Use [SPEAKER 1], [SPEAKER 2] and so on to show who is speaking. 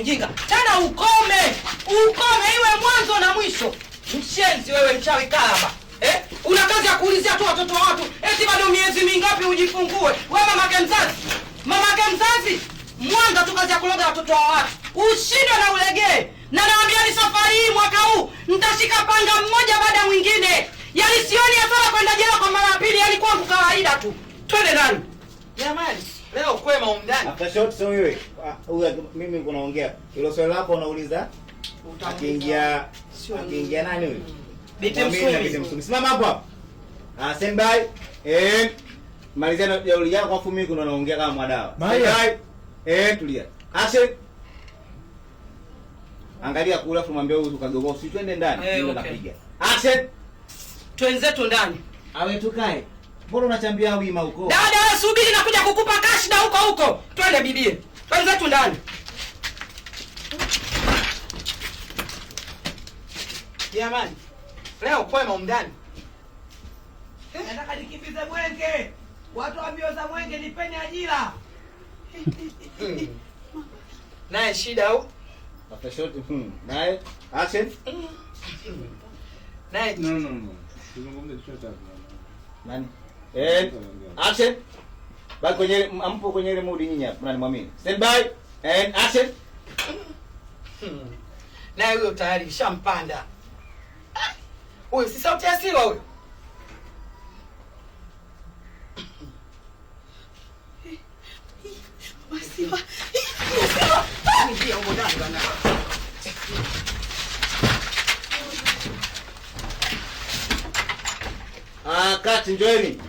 [SPEAKER 1] Ujinga tena ukome, ukome, iwe mwanzo na mwisho. Mshenzi wewe, mchawi kahaba eh? Una kazi ya kuulizia tu watoto wa watu eti bado miezi mingapi ujifungue? We mamake mzazi, mamake mzazi mwanga tu, kazi ya kuloga watoto wa watu, ushindwe na ulegee. Na naambiani safari hii mwaka huu nitashika panga mmoja baada ya mwingine, yalisioni sioni kwenda jela kwa mara ya pili, yalikuwa kawaida tu. Twende nani
[SPEAKER 2] jamani kwema huko ndani.
[SPEAKER 3] After short sio wewe. Ah, huyu mimi niko naongea. Hilo swali lako unauliza akiingia akiingia nani huyu?
[SPEAKER 1] Binti Msumi.
[SPEAKER 3] Simama hapo hapo. Ah, stand by. Eh. Malizia na ya yako kwa fumi kuna naongea kama mwadawa. Stand by. Eh, tulia. Action. Angalia kula afu mwambie huyu ukagogoa. Usitwende ndani. Ndio napiga. Action.
[SPEAKER 1] Twenzetu ndani.
[SPEAKER 3] Awe tukae. Mbona unachambia wima huko?
[SPEAKER 1] Dada wewe subiri na kuja kukupa kashida huko huko. Twende bibie. Twende zetu ndani.
[SPEAKER 2] Jamani. Leo kwema umndani.
[SPEAKER 1] Eh, nataka nikimbize mwenge. Watu wa mbio za mwenge nipeni ajira.
[SPEAKER 2] Hmm. Naye shida au?
[SPEAKER 3] After short. Hmm. Naye action.
[SPEAKER 2] Naye.
[SPEAKER 4] No no no.
[SPEAKER 3] Nani? Eh, action. Basi kwenye ampo kwenye ile mood nyinyi hapa mnanimwamini. Stand by and action.
[SPEAKER 2] Hmm. Naye huyo tayari shampanda. Ah, huyo si sauti ya Silwa huyo.
[SPEAKER 3] Ah, kati njoeni.